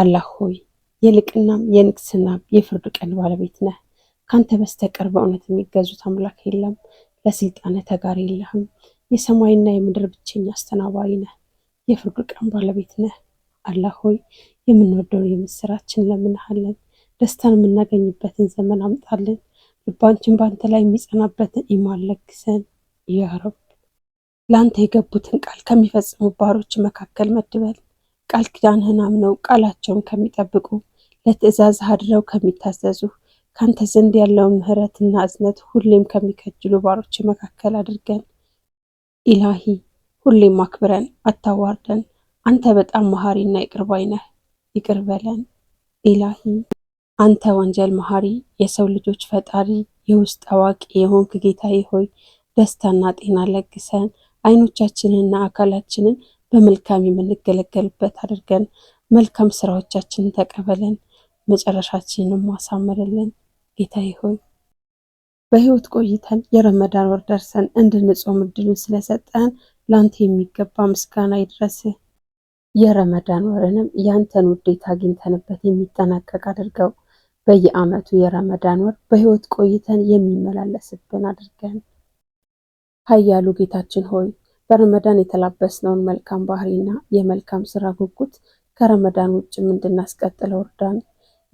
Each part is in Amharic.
አላህ ሆይ የልቅናም የንግስናም የፍርድ ቀን ባለቤት ነህ። ካንተ በስተቀር በእውነት የሚገዙት አምላክ የለም። ለስልጣነ ተጋሪ የለህም። የሰማይና የምድር ብቸኛ አስተናባሪ ነህ። የፍርድ ቀን ባለቤት ነህ። አላህ ሆይ የምንወደውን የምስራችን እንለምንሃለን። ደስታን የምናገኝበትን ዘመን አምጣልን። ልባችን በአንተ ላይ የሚጸናበትን ኢማን ለግሰን ያ ረብ። ለአንተ የገቡትን ቃል ከሚፈጽሙ ባሮች መካከል መድበል ቃል ኪዳንህን አምነው ቃላቸውን ከሚጠብቁ ለትእዛዝ አድረው ከሚታዘዙ ካንተ ዘንድ ያለውን ምሕረትና እዝነት ሁሌም ከሚከጅሉ ባሮች መካከል አድርገን። ኢላሂ ሁሌም አክብረን አታዋርደን። አንተ በጣም መሐሪና ይቅርባይ ነህ፣ ይቅር በለን። ኢላሂ አንተ ወንጀል መሐሪ፣ የሰው ልጆች ፈጣሪ፣ የውስጥ አዋቂ የሆንክ ጌታዬ ሆይ ደስታና ጤና ለግሰን፣ ዓይኖቻችንንና አካላችንን በመልካም የምንገለገልበት አድርገን መልካም ስራዎቻችንን ተቀበለን፣ መጨረሻችንንም ማሳምርልን። ጌታ ይሆን በህይወት ቆይተን የረመዳን ወር ደርሰን እንድንጾም እድሉን ስለሰጠን ለአንተ የሚገባ ምስጋና ይድረስህ። የረመዳን ወርንም ያንተን ውዴታ አግኝተንበት የሚጠናቀቅ አድርገው። በየአመቱ የረመዳን ወር በህይወት ቆይተን የሚመላለስብን አድርገን። ኃያሉ ጌታችን ሆይ በረመዳን የተላበስነውን መልካም ባህሪና የመልካም ስራ ጉጉት ከረመዳን ውጭም እንድናስቀጥለው እርዳን።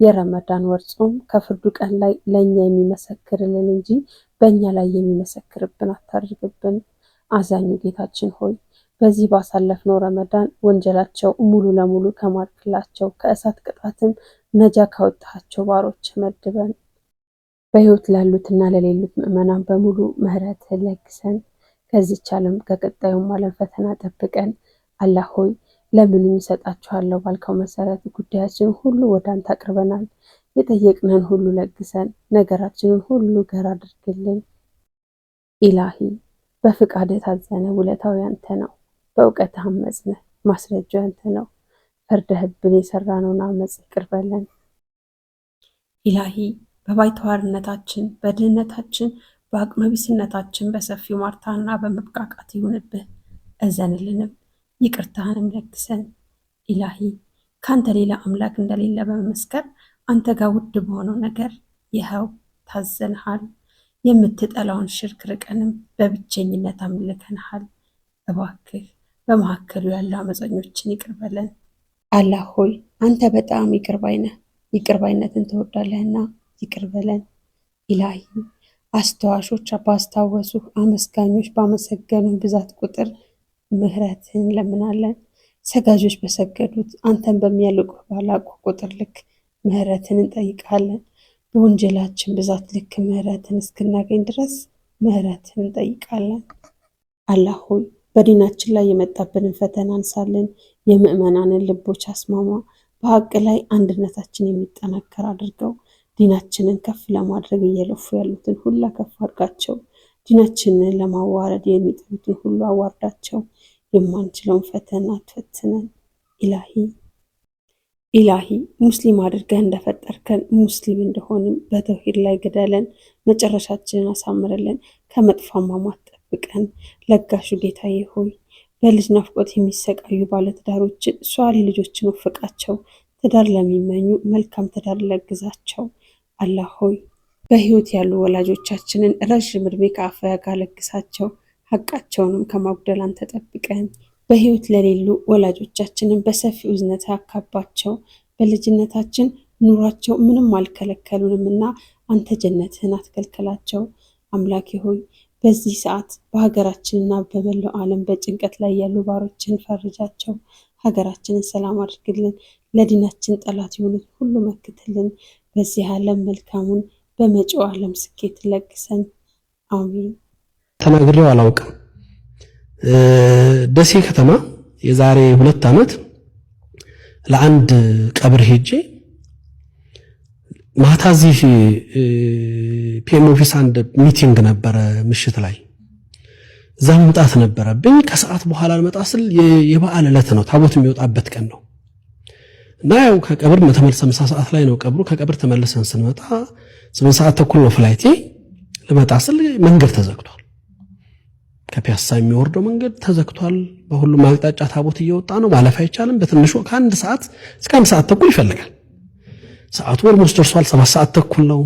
የረመዳን ወር ጾም ከፍርዱ ቀን ላይ ለእኛ የሚመሰክርልን እንጂ በእኛ ላይ የሚመሰክርብን አታድርግብን። አዛኙ ጌታችን ሆይ በዚህ ባሳለፍነው ረመዳን ወንጀላቸው ሙሉ ለሙሉ ከማርክላቸው ከእሳት ቅጣትም ነጃ ካወጣቸው ባሮች መድበን። በሕይወት ላሉትና ለሌሉት ምዕመናን በሙሉ ምሕረት ለግሰን። ከዚች ዓለም ከቀጣዩም ዓለም ፈተና ጠብቀን። አላህ ሆይ ለምን እሰጣችኋለሁ ባልከው መሰረት ጉዳያችንን ሁሉ ወደ አንተ አቅርበናል። የጠየቅንህን ሁሉ ለግሰን፣ ነገራችንን ሁሉ ገር አድርግልን። ኢላሂ በፍቃድ ታዘነ፣ ውለታው ያንተ ነው። በእውቀትህ አመጽነ ማስረጃ ያንተ ነው። ፈርደህብን የሰራነውን አመፅ ይቅር ኢላሂ። በባይተዋርነታችን በድህነታችን በአቅመቢስነታችን በሰፊው ማርታና በመብቃቃት ይሁንብህ፣ እዘንልንም ይቅርታህንም ለግሰን። ኢላሂ ከአንተ ሌላ አምላክ እንደሌለ በመመስከር አንተ ጋር ውድ በሆነው ነገር ይኸው ታዘንሃል። የምትጠላውን ሽርክ ርቀንም በብቸኝነት አምልከንሃል። እባክህ በመካከሉ ያለ አመፀኞችን ይቅር በለን። አላህ ሆይ አንተ በጣም ይቅር ባይ ነህ፣ ይቅር ባይነትን ትወዳለህና ይቅር በለን። ኢላሂ አስታዋሾች ባስታወሱ አመስጋኞች ባመሰገኑ ብዛት ቁጥር ምህረትን እንለምናለን። ሰጋጆች በሰገዱት አንተን በሚያልቁ ባላቁ ቁጥር ልክ ምህረትን እንጠይቃለን። በወንጀላችን ብዛት ልክ ምህረትን እስክናገኝ ድረስ ምህረትን እንጠይቃለን። አላህ ሆይ በዲናችን ላይ የመጣብንን ፈተና አንሳልን። የምእመናንን ልቦች አስማማ። በሀቅ ላይ አንድነታችን የሚጠናከር አድርገው ዲናችንን ከፍ ለማድረግ እየለፉ ያሉትን ሁላ ከፍ አድርጋቸው። ዲናችንን ለማዋረድ የሚጥሩትን ሁሉ አዋርዳቸው። የማንችለውን ፈተና አትፈትነን። ኢላሂ ኢላሂ ሙስሊም አድርገህ እንደፈጠርከን ሙስሊም እንደሆንም በተውሂድ ላይ ግደለን። መጨረሻችንን አሳምርልን። ከመጥፎ አሟሟት ጠብቀን። ለጋሹ ጌታዬ ሆይ በልጅ ናፍቆት የሚሰቃዩ ባለትዳሮችን ሷሊ ልጆችን ወፍቃቸው። ትዳር ለሚመኙ መልካም ትዳር ለግዛቸው። አላህ ሆይ በህይወት ያሉ ወላጆቻችንን ረዥም እድሜ ከአፈ ጋር ሀቃቸውንም ሐቃቸውንም ከማጉደል አንተ ጠብቀን። ለሌሉ ወላጆቻችንን በሰፊ ውዝነት አካባቸው። በልጅነታችን ኑሯቸው ምንም አልከለከሉንም እና አንተ ጀነትህን አትከልከላቸው። አምላኬ ሆይ በዚህ ሰዓት በሀገራችንና በመላው ዓለም በጭንቀት ላይ ያሉ ባሮችን ፈርጃቸው። ሀገራችንን ሰላም አድርግልን። ለዲናችን ጠላት የሆኑት ሁሉ መክትልን። በዚህ ዓለም መልካሙን በመጪው ዓለም ስኬት ለግሰን አሚን። ተናግሬው አላውቅም። ደሴ ከተማ የዛሬ ሁለት ዓመት ለአንድ ቀብር ሄጄ ማታ እዚህ ፒኤም ኦፊስ አንድ ሚቲንግ ነበረ ምሽት ላይ እዛ መምጣት ነበረብኝ። ከሰዓት በኋላ ልመጣ ስል የበዓል ዕለት ነው፣ ታቦት የሚወጣበት ቀን ነው። እና ያው ከቀብር መተመልሰን ምሳ ሰዓት ላይ ነው ቀብሩ። ከቀብር ተመልሰን ስንመጣ ስምንት ሰዓት ተኩል ነው ፍላይቴ። ልመጣ ስል መንገድ ተዘግቷል። ከፒያሳ የሚወርደው መንገድ ተዘግቷል። በሁሉም አቅጣጫ ታቦት እየወጣ ነው፣ ማለፍ አይቻልም። በትንሹ ከአንድ ሰዓት እስከ አንድ ሰዓት ተኩል ይፈልጋል። ሰዓቱ ኦልሞስት ደርሷል። ሰባት ሰዓት ተኩል ነው።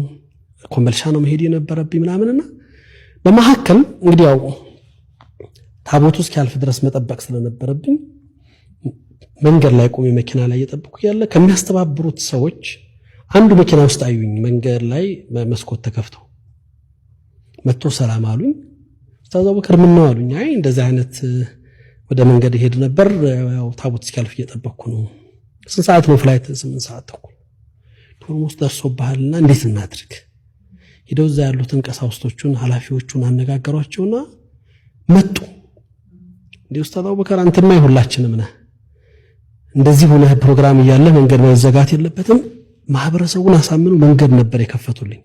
ኮምቦልቻ ነው መሄድ የነበረብኝ ምናምንና በመካከል እንግዲህ ያው ታቦቱ እስኪያልፍ ድረስ መጠበቅ ስለነበረብኝ መንገድ ላይ ቆሜ መኪና ላይ እየጠበኩ ያለ ከሚያስተባብሩት ሰዎች አንዱ መኪና ውስጥ አዩኝ። መንገድ ላይ መስኮት ተከፍተው መጥቶ ሰላም አሉኝ። ኡስታዝ አቡበከር ምን ነው አሉኝ። አይ እንደዚህ አይነት ወደ መንገድ ይሄድ ነበር፣ ያው ታቦት እስኪያልፍ እየጠበኩ ነው። ስንት ሰዓት ነው ፍላይት? ስምንት ሰዓት ተኩል። ዶርሞስ ደርሶብሃልና እንዴት እናድርግ? ሄደው እዛ ያሉትን ቀሳውስቶቹን ኃላፊዎቹን አነጋገሯቸውና መጡ። እንዲህ ኡስታዝ አቡበከር አንተማ ይሁላችንም ነህ እንደዚህ ሆነ ፕሮግራም እያለ መንገድ መዘጋት የለበትም። ማህበረሰቡን አሳምነው መንገድ ነበር የከፈቱልኝ።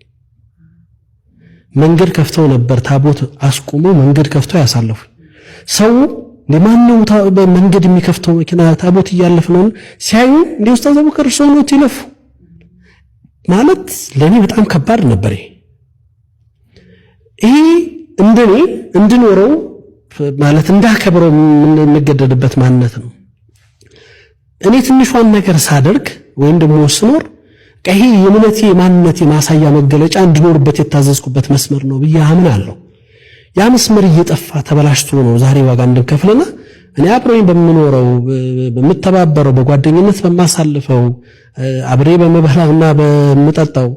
መንገድ ከፍተው ነበር ታቦት አስቁመው መንገድ ከፍተው ያሳለፉ ሰው ለማንም መንገድ የሚከፍተው መኪና ታቦት እያለፍ ነው ሲያዩ እንደ ኡስታዝ አቡበከር ነው ይለፉ ማለት ለኔ በጣም ከባድ ነበር። ይሄ እንደኔ እንድኖረው ማለት እንዳከብረው የምንገደድበት ማንነት ነው። እኔ ትንሿን ነገር ሳደርግ ወይም ደግሞ ስኖር ቀሄ የእምነቴ የማንነቴ ማሳያ መገለጫ እንድኖርበት የታዘዝኩበት መስመር ነው ብዬ አምናለሁ። ያ መስመር እየጠፋ ተበላሽቶ ነው ዛሬ ዋጋ እንድንከፍልና እኔ አብሬ በምኖረው በምተባበረው፣ በጓደኝነት በማሳልፈው፣ አብሬ በምበላውና በምጠጣው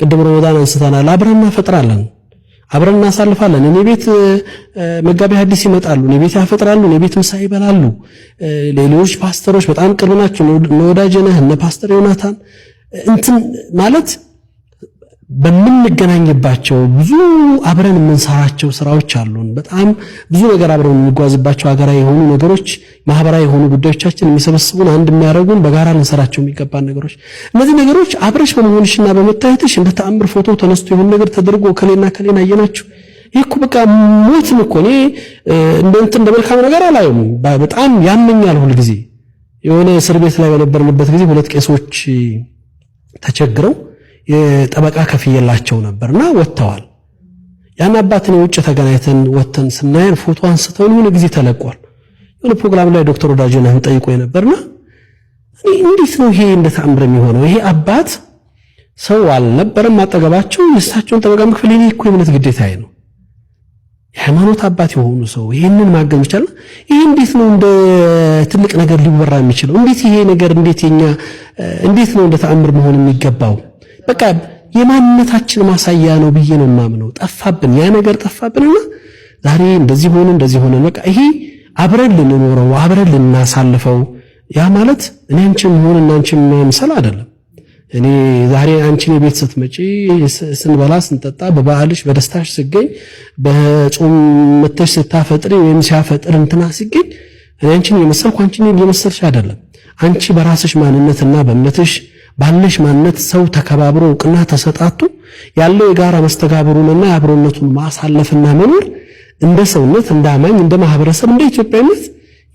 ቅድም ረመዳን አንስተናል፣ አብረን እናፈጥራለን። አብረን እናሳልፋለን። እኔ ቤት መጋቢ ሐዲስ ይመጣሉ፣ እኔ ቤት ያፈጥራሉ፣ እኔ ቤት ምሳ ይበላሉ። ሌሎች ፓስተሮች በጣም ቅርብ ናቸው። እነ ወዳጄ ነህ እነ ፓስተር ዮናታን እንትን ማለት በምንገናኝባቸው ብዙ አብረን የምንሰራቸው ስራዎች አሉን። በጣም ብዙ ነገር አብረን የምንጓዝባቸው ሀገራዊ የሆኑ ነገሮች፣ ማህበራዊ የሆኑ ጉዳዮቻችን የሚሰበስቡን አንድ የሚያደርጉን በጋራ ልንሰራቸው የሚገባን ነገሮች፣ እነዚህ ነገሮች አብረሽ በመሆንሽና በመታየትሽ እንደ ተአምር ፎቶ ተነስቶ የሆነ ነገር ተደርጎ ከሌና ከሌና አየናችሁ። ይህ እኮ በቃ ሞት እኮ። እኔ እንደ እንትን እንደ መልካም ነገር አላየውም። በጣም ያመኛል ሁልጊዜ። የሆነ እስር ቤት ላይ በነበርንበት ጊዜ ሁለት ቄሶች ተቸግረው የጠበቃ ከፍየላቸው ነበርና ወጥተዋል። ያን አባትን የውጭ ተገናኝተን ወጥተን ስናየን ፎቶ አንስተውን የሆነ ጊዜ ተለቋል። የሆነ ፕሮግራም ላይ ዶክተር ወዳጅና ጠይቆ የነበርና እንዴት ነው ይሄ ተአምር የሚሆነው? ይሄ አባት ሰው አልነበረም አጠገባቸው። የእሳቸውን ጠበቃ መክፈል የእኔ እኮ የእምነት ግዴታዬ ነው። የሃይማኖት አባት የሆኑ ሰው ይሄንን ማገዝ ይቻላል። ይሄ እንዴት ነው እንደ ትልቅ ነገር ሊወራ የሚችለው? እንዴት ይሄ ነገር እንዴት የኛ እንዴት ነው እንደ ተአምር መሆን የሚገባው? በቃ የማንነታችን ማሳያ ነው ብዬ ነው የማምነው። ጠፋብን፣ ያ ነገር ጠፋብንና ዛሬ እንደዚህ ሆነ እንደዚህ ሆነ። በቃ ይሄ አብረን ልንኖረው አብረን ልናሳልፈው። ያ ማለት እኔ አንቺን መሆን እና አንቺን መምሰል አይደለም። እኔ ዛሬ አንቺን ቤት ስትመጪ ስንበላ ስንጠጣ፣ በበዓልሽ በደስታሽ ስገኝ፣ በጾም መተሽ ስታፈጥሪ ወይም ሲያፈጥር እንትና ሲገኝ እኔ አንቺን የመሰልኩ አንቺን የመሰልሽ አይደለም። አንቺ በራስሽ ማንነትና በእምነትሽ ባለሽ ማንነት ሰው ተከባብሮ እውቅና ተሰጣቱ ያለው የጋራ መስተጋብሩንና የአብሮነቱን ማሳለፍና መኖር እንደ ሰውነት፣ እንደ አማኝ፣ እንደ ማህበረሰብ፣ እንደ ኢትዮጵያነት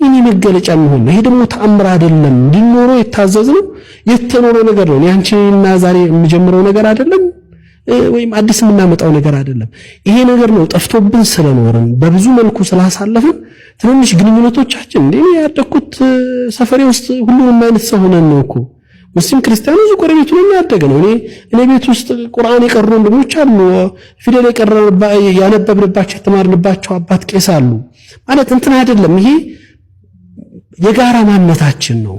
ይህ መገለጫ የሚሆን ነው። ይሄ ደግሞ ተአምር አይደለም፣ እንዲኖረው የታዘዝ ነው፣ የተኖረ ነገር ነው። ያንቺና ዛሬ የምጀምረው ነገር አይደለም፣ ወይም አዲስ የምናመጣው ነገር አይደለም። ይሄ ነገር ነው ጠፍቶብን ስለኖርን በብዙ መልኩ ስላሳለፍን ትንንሽ ግንኙነቶቻችን እንዴ ያደኩት ሰፈሬ ውስጥ ሁሉንም አይነት ሰው ሆነን ነው እኮ ሙስሊም ክርስቲያኑ እዚህ ጎረቤቱ ነው የሚያደገ ነው። እኔ እኔ ቤት ውስጥ ቁርአን የቀሩ ወንድሞች አሉ። ፊደል ያነበብንባቸው የተማርንባቸው አባት ቄስ አሉ። ማለት እንትን አይደለም። ይሄ የጋራ ማንነታችን ነው።